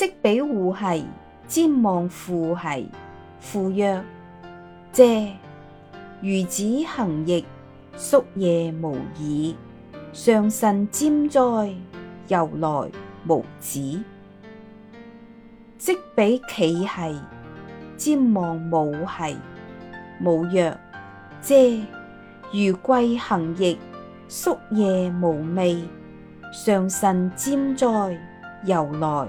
陟彼岵兮，瞻望父兮。父曰：嗟，予子行役，夙夜無已，上慎旃哉，猶來，無止。陟彼屺兮，瞻望母兮。母曰：嗟，予季行役，夙夜無寐，上慎旃哉，猶來。